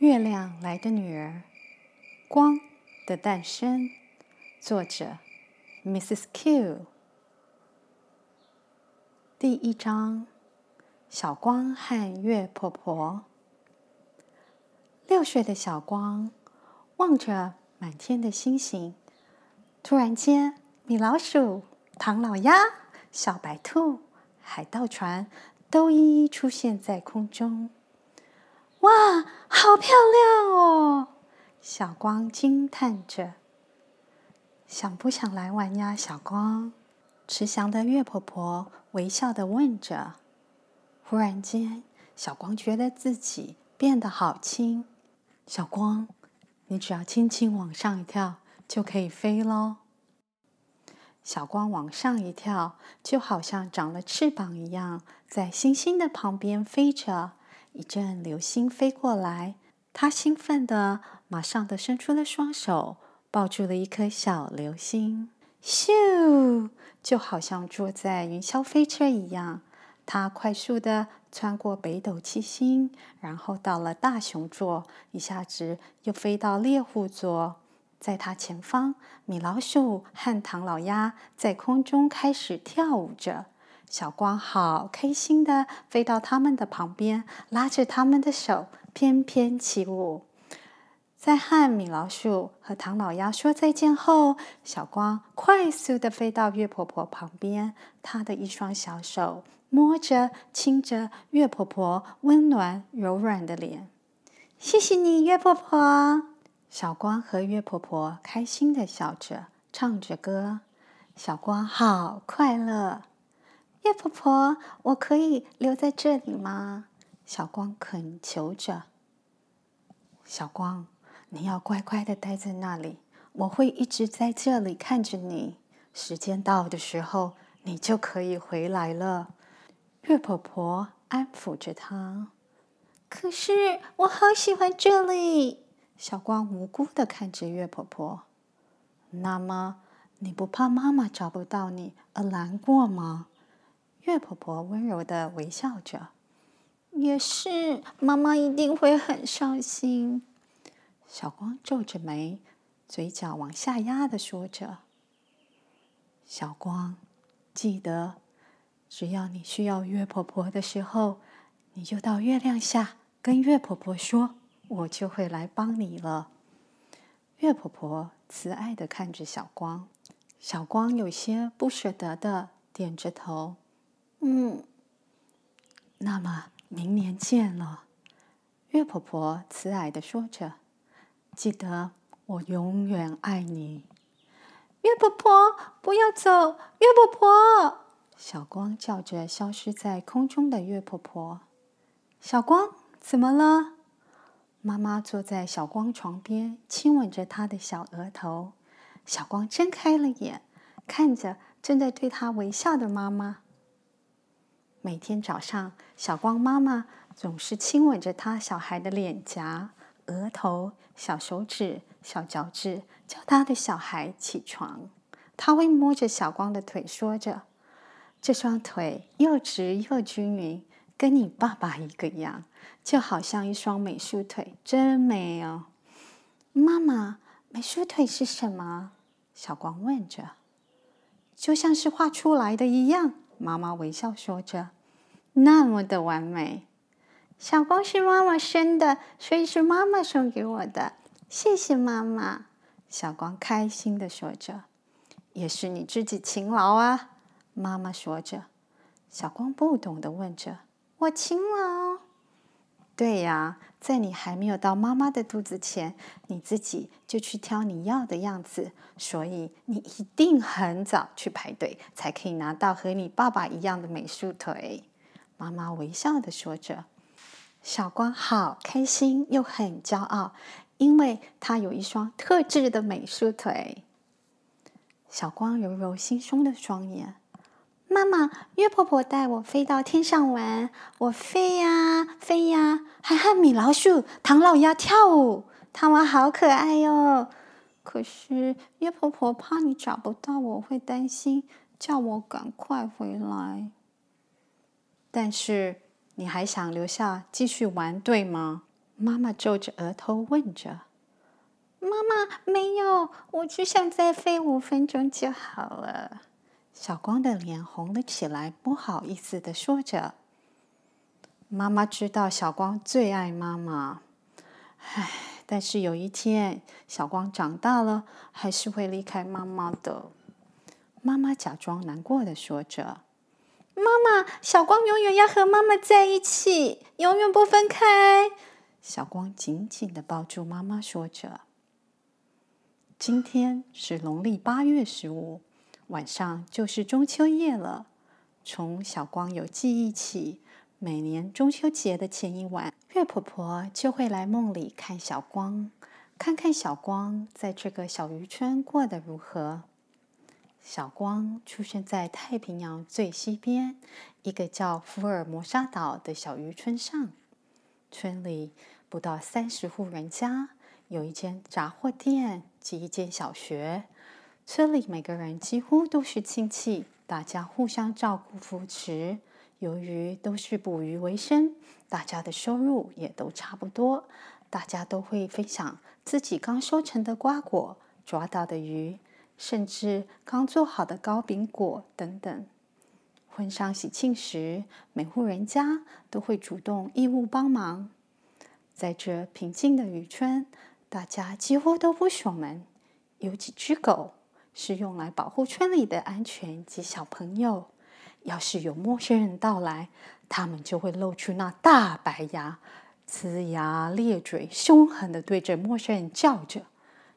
月亮來的女兒，光的誕生，作者：Mrs. Q。第一章：小光和月婆婆。六歲的小光望着滿天的星星，突然間，米老鼠、唐老鴨、小白兔、海盜船都一一出現在空中。哇，好漂亮哦！小光驚嘆着。想不想來玩呀，小光？慈祥的月婆婆微笑的問着。忽然間，小光覺得自己變得好輕。小光，你只要輕輕往上一跳，就可以飛嘍。小光往上一跳，就好像長了翅膀一樣，在星星的旁邊飛着。一陣流星飛過來，他興奮地，馬上的伸出了雙手，抱住了一顆小流星。咻，就好像坐在雲霄飛車一樣，他快速地穿過北斗七星，然後到了大熊座，一下子又飛到獵戶座。在他前方，米老鼠和唐老鴨在空中開始跳舞着。小光好開心的飛到他們的旁邊，拉着他們的手翩翩起舞。在和米老鼠和唐老鴨說再見後，小光快速的飛到月婆婆旁邊，她的一雙小手摸着、親着月婆婆溫暖柔軟的臉。謝謝你，月婆婆。小光和月婆婆開心的笑着，唱着歌。小光好快樂。月婆婆，我可以留在這裡嗎？小光懇求着。小光，你要乖乖的待在那裡，我會一直在這裡看着你。時間到的時候，你就可以回來了。月婆婆安撫着她。可是我好喜歡這裡。小光無辜的看着月婆婆。那麼，你不怕媽媽找不到你而難過嗎？月婆婆溫柔的微笑着，也是，媽媽一定會很傷心。小光皺着眉，嘴角往下壓的說着：“小光，記得，只要你需要月婆婆的時候，你就到月亮下跟月婆婆說，我就會來幫你了。”月婆婆慈愛的看着小光，小光有些不捨得的點着頭。嗯，那麼明年見了，月婆婆慈愛的說着：“記得我永遠愛你。”月婆婆，不要走！月婆婆，小光叫着，消失在空中的月婆婆。小光，怎麼了？媽媽坐在小光床邊，親吻着她的小額頭。小光睜開了眼，看着正在對她微笑的媽媽。每天早上，小光媽媽總是親吻着她小孩的臉頰、額頭、小手指、小腳趾，叫她的小孩起床。她會摸着小光的腿，說着：“這雙腿又直又均勻，跟你爸爸一個樣，就好像一雙美術腿，真美哦。”媽媽，美術腿是什麼？小光問着。就像是畫出來的一樣，媽媽微笑說着。那麼的完美，小光是媽媽生的，所以是媽媽送給我的，謝謝媽媽。小光開心的說着，也是你自己勤勞啊，媽媽說着。小光不懂的問着，我勤勞？對呀、啊，在你還沒有到媽媽的肚子前，你自己就去挑你要的樣子，所以你一定很早去排隊，才可以拿到和你爸爸一樣的美術腿。媽媽微笑的說着：“小光，好開心又很驕傲，因為他有一雙特制的美術腿。”小光揉揉惺忪的雙眼：“媽媽，月婆婆帶我飛到天上玩，我飛呀飛呀，還和米老鼠、唐老鴨跳舞，他們好可愛喲、哦！可是月婆婆怕你找不到我，我會擔心，叫我趕快回來。”但是你還想留下繼續玩，對嗎？媽媽皺着額頭問着。媽媽，沒有，我只想再飛五分鐘就好了。小光的臉紅了起來，不好意思的說着。媽媽知道小光最愛媽媽。唉，但是有一天小光長大了，還是會離開媽媽的。媽媽假裝難過的說着。媽媽，小光永遠要和媽媽在一起，永遠不分開。小光緊緊地抱住媽媽，說着：“今天是農曆八月十五，晚上就是中秋夜了。從小光有記憶起，每年中秋節的前一晚，月婆婆就會來夢裡看小光，看看小光在這個小漁村過得如何。”小光出生在太平洋最西邊一個叫福爾摩沙島的小漁村上，村裡不到三十戶人家，有一間雜貨店及一間小學。村裡每個人幾乎都是親戚，大家互相照顧扶持。由於都是捕魚為生，大家的收入也都差不多，大家都會分享自己剛收成的瓜果、抓到的魚。甚至剛做好的糕餅果等等，婚喪喜慶時，每戶人家都會主動義務幫忙。在這平靜的漁村，大家幾乎都不鎖門。有幾隻狗是用來保護村裡的安全及小朋友。要是有陌生人到來，它們就會露出那大白牙，呲牙咧嘴，兇狠地對着陌生人叫着，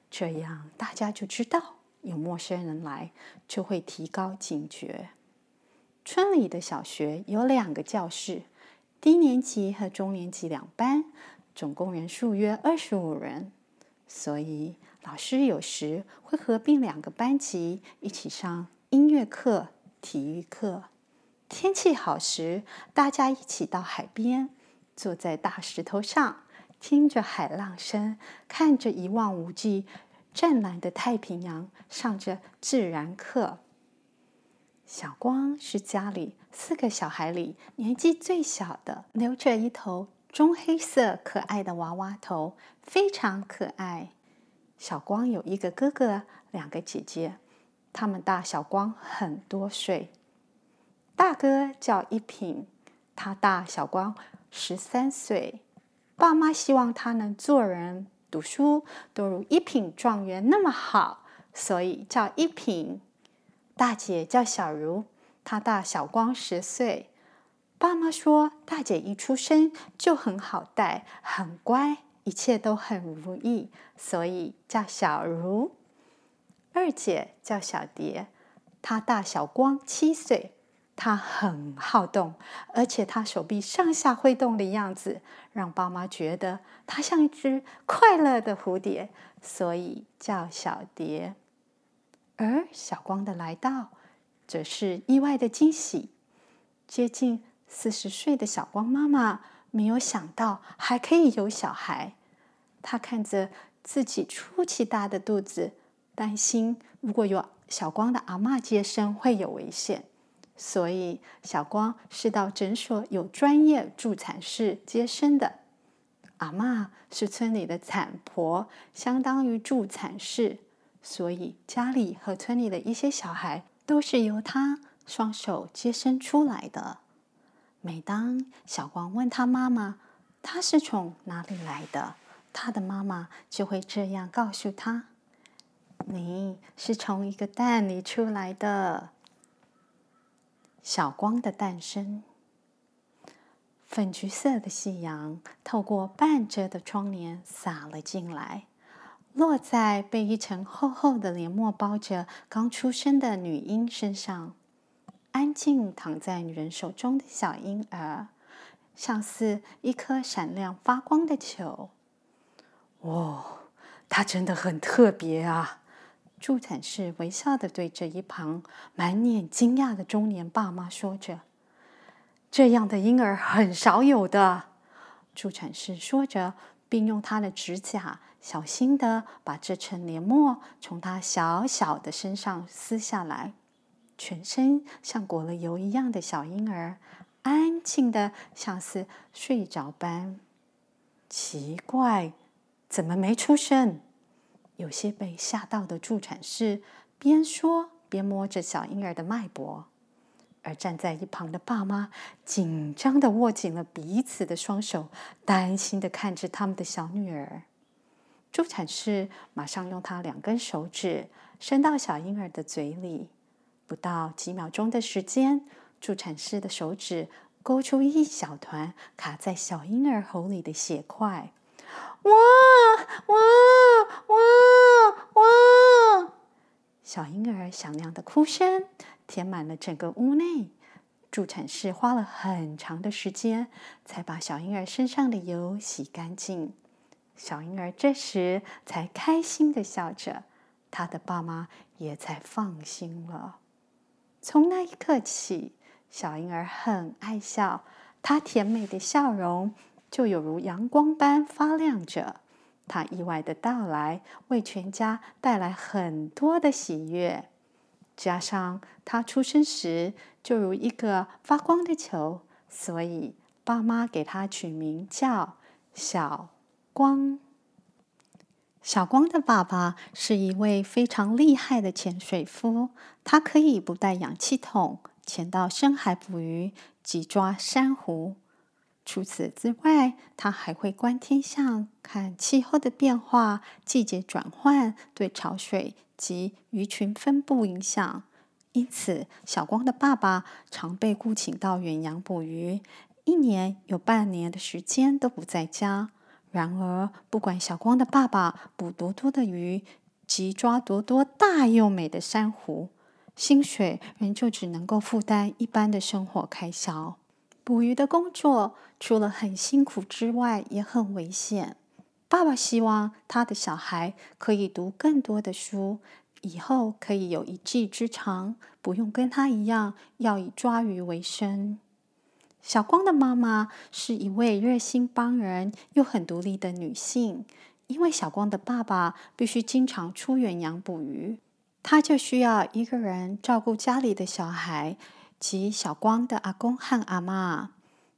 這樣大家就知道。有陌生人來，就會提高警覺。村裡的小學有兩個教室，低年級和中年級兩班，總共人數約二十五人。所以老師有時會合併兩個班級一起上音樂課、體育課。天氣好時，大家一起到海邊，坐在大石頭上，聽着海浪聲，看着一望無際，湛藍的太平洋上，着自然課。小光是家裡四個小孩裡年紀最小的，留着一頭棕黑色可愛的娃娃頭，非常可愛。小光有一個哥哥，兩個姐姐，他們大小光很多歲。大哥叫一平，他大小光十三歲。爸媽希望他能做人。讀書都如一品狀元那麼好，所以叫一品。大姐叫小如，她大小光十歲。爸媽說，大姐一出生就很好帶，很乖，一切都很如意，所以叫小如。二姐叫小蝶，她大小光七歲。他很好動，而且他手臂上下揮動的樣子，讓爸媽覺得他像一隻快樂的蝴蝶，所以叫小蝶。而小光的來到，則是意外的驚喜。接近四十歲的小光媽媽沒有想到還可以有小孩，她看着自己出奇大的肚子，擔心如果有小光的阿嬤接生會有危險。所以小光是到診所有專業助產士接生的，阿嬤是村裡的產婆，相當於助產士，所以家裡和村裡的一些小孩都是由她雙手接生出來的。每當小光問他媽媽，他是從哪裡來的，他的媽媽就會這樣告訴他：“你是從一個蛋裡出來的。”小光的誕生。粉橘色的夕陽透過半遮的窗簾灑了進來，落在被一層厚厚的棉幕包着剛出生的女嬰身上。安靜躺在女人手中的小嬰兒，像是一顆閃亮發光的球。哇、哦，它真的很特別啊！助產士微笑的對着一旁滿臉驚訝的中年爸媽說着：“這樣的嬰兒很少有的。”助產士說着，並用他的指甲小心的把這層黏膜從他小小的身上撕下來。全身像裹了油一樣的小嬰兒，安靜的像是睡着般。奇怪，怎麼沒出聲？有些被嚇到的助產士邊說邊摸着小嬰兒的脈搏，而站在一旁的爸媽緊張地握緊了彼此的雙手，擔心地看着他們的小女兒。助產士馬上用他兩根手指伸到小嬰兒的嘴裡，不到幾秒鐘的時間，助產士的手指勾出一小團卡在小嬰兒喉裡的血塊。哇哇哇哇！小嬰兒響亮的哭聲填滿了整個屋內。助產士花了很長的時間才把小嬰兒身上的油洗乾淨。小嬰兒這時才開心地笑着，她的爸媽也才放心了。從那一刻起，小嬰兒很愛笑，她甜美的笑容。就有如陽光般發亮着，他意外的到來為全家帶來很多的喜悅。加上他出生時就如一個發光的球，所以爸媽給他取名叫小光。小光的爸爸是一位非常厲害的潛水夫，他可以不帶氧氣筒潛到深海捕魚、及抓珊瑚。除此之外，他還會觀天象，看氣候的變化、季節轉換對潮水及魚群分布影響。因此，小光的爸爸常被僱請到遠洋捕魚，一年有半年的時間都不在家。然而，不管小光的爸爸捕多多的魚及抓多多大又美的珊瑚，薪水仍舊只能夠負擔一般的生活開銷。捕魚的工作除了很辛苦之外，也很危險。爸爸希望他的小孩可以讀更多的書，以後可以有一技之長，不用跟他一樣要以抓魚為生。小光的媽媽是一位熱心幫人又很獨立的女性，因為小光的爸爸必須經常出遠洋捕魚，他就需要一個人照顧家裡的小孩。其小光的阿公和阿嬤，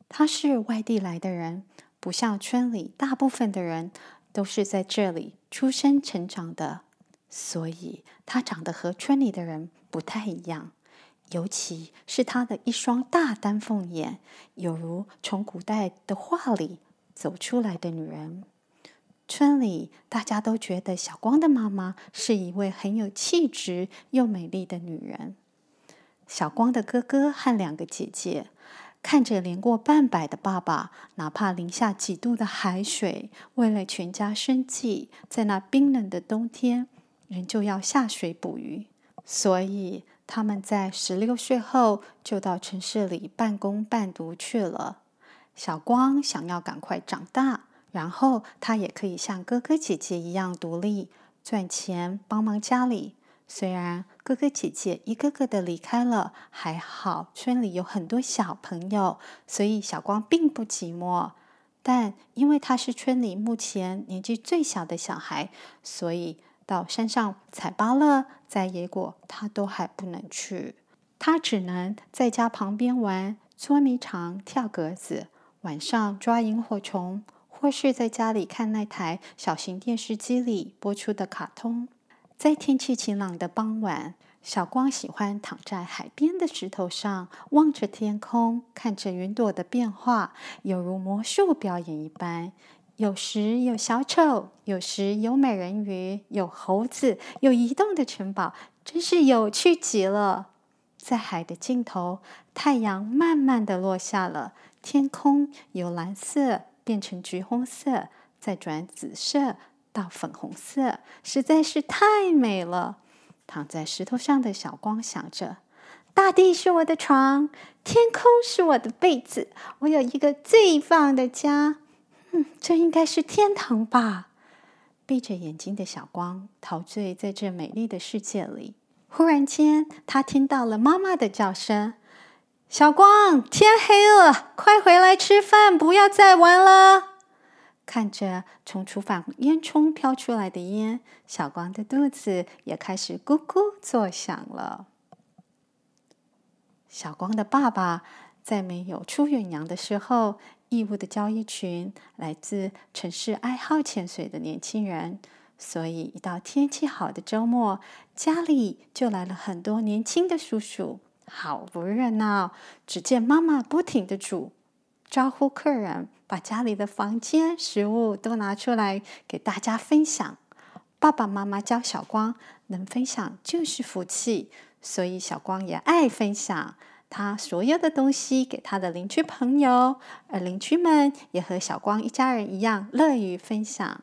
她是外地來的人，不像村裡大部分的人都是在這裡出生、成長的，所以她長得和村裡的人不太一樣，尤其是她的一雙大丹鳳眼，猶如從古代的畫裡走出來的女人。村裡大家都覺得小光的媽媽是一位很有氣質又美麗的女人。小光的哥哥和兩個姐姐看着年過半百的爸爸，哪怕零下幾度的海水，為了全家生計，在那冰冷的冬天，仍舊要下水捕魚。所以，他們在十六歲後就到城市裡半工半讀去了。小光想要趕快長大，然後他也可以像哥哥姐姐一樣獨立賺錢，幫忙家裡。雖然哥哥姐姐一個個的離開了，還好村裡有很多小朋友，所以小光並不寂寞。但因為她是村裡目前年紀最小的小孩，所以到山上採芭樂、摘野果，她都還不能去。她只能在家旁邊玩捉迷藏、跳格子，晚上抓螢火蟲，或是在家裡看那台小型電視機裡播出的卡通。在天氣晴朗的傍晚，小光喜歡躺在海邊的石頭上，望着天空，看着雲朵的變化，猶如魔術表演一般。有時有小丑，有時有美人魚，有猴子，有移動的城堡，真是有趣極了。在海的盡頭，太陽慢慢地落下了，天空由藍色變成橘紅色，再轉紫色。到粉紅色實在是太美了。躺在石頭上的小光想着：大地是我的床，天空是我的被子，我有一個最棒的家。嗯，這應該是天堂吧？閉着眼睛的小光陶醉在這美麗的世界裡。忽然間，她聽到了媽媽的叫聲：“小光，天黑了，快回來吃飯，不要再玩了。”看着從廚房煙囪飄出來的煙，小光的肚子也開始咕咕作響了。小光的爸爸在沒有出遠洋的時候，義務的教一群來自城市愛好潛水的年輕人，所以一到天氣好的週末，家裡就來了很多年輕的叔叔，好不熱鬧。只見媽媽不停地煮，招呼客人，把家裡的房間、食物都拿出來給大家分享。爸爸媽媽教小光能分享就是福氣，所以小光也愛分享，他所有的東西給他的鄰居朋友。而鄰居們也和小光一家人一樣，樂於分享。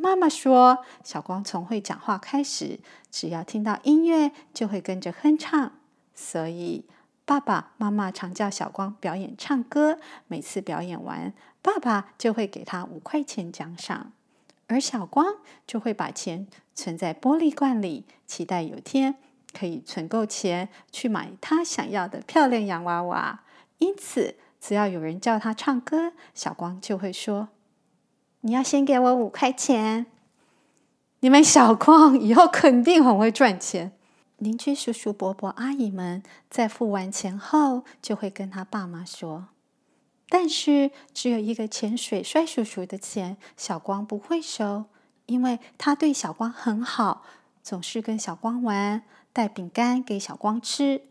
媽媽說，小光從會講話開始，只要聽到音樂就會跟着哼唱，所以，爸爸媽媽常叫小光表演唱歌，每次表演完，爸爸就會給他五塊錢獎賞，而小光就會把錢存在玻璃罐裡，期待有天可以存夠錢去買他想要的漂亮洋娃娃。因此，只要有人叫他唱歌，小光就會說：“你要先給我五塊錢，你們小光以後肯定很會賺錢。”鄰居叔叔、伯伯、阿姨們在付完錢後，就會跟他爸媽說。但是，只有一個潛水帥叔叔的錢，小光不會收，因為他對小光很好，總是跟小光玩，帶餅乾給小光吃。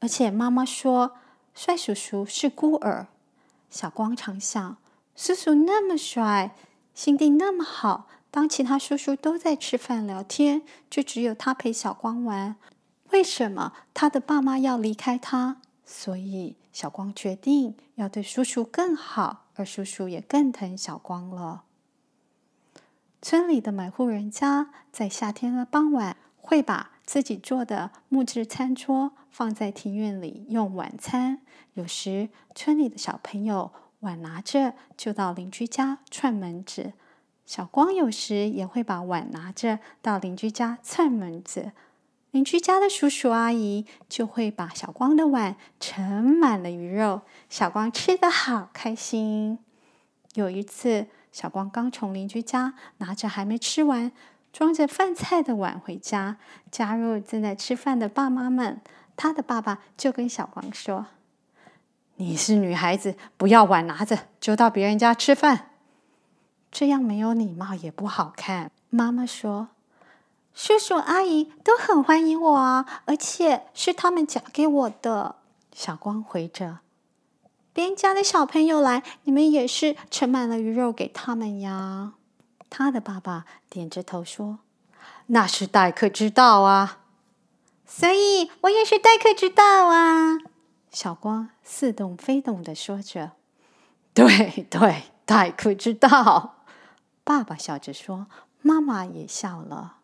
而且，媽媽說，帥叔叔是孤兒。小光常想，叔叔那麼帥，心地那麼好，當其他叔叔都在吃飯聊天，就只有他陪小光玩。為什麼他的爸媽要離開他？所以小光決定要對叔叔更好，而叔叔也更疼小光了。村裡的每戶人家在夏天的傍晚，會把自己做的木質餐桌放在庭院裡用晚餐。有時村裡的小朋友碗拿着就到鄰居家串門子，小光有時也會把碗拿着到鄰居家串門子。鄰居家的叔叔阿姨就會把小光的碗盛滿了魚肉，小光吃得好開心。有一次，小光剛從鄰居家拿着還沒吃完、裝着飯菜的碗回家，加入正在吃飯的爸媽們，他的爸爸就跟小光說：“你是女孩子，不要碗拿着，就到別人家吃飯，這樣沒有禮貌，也不好看。”媽媽說。叔叔阿姨都很歡迎我啊，而且是他們夾給我的。小光回着，別人家的小朋友來，你們也是盛滿了魚肉給他們呀。他的爸爸點着頭說：“那是待客之道啊。”所以我也是待客之道啊。小光似懂非懂的說着：“對對，待客之道。”爸爸笑着說，媽媽也笑了。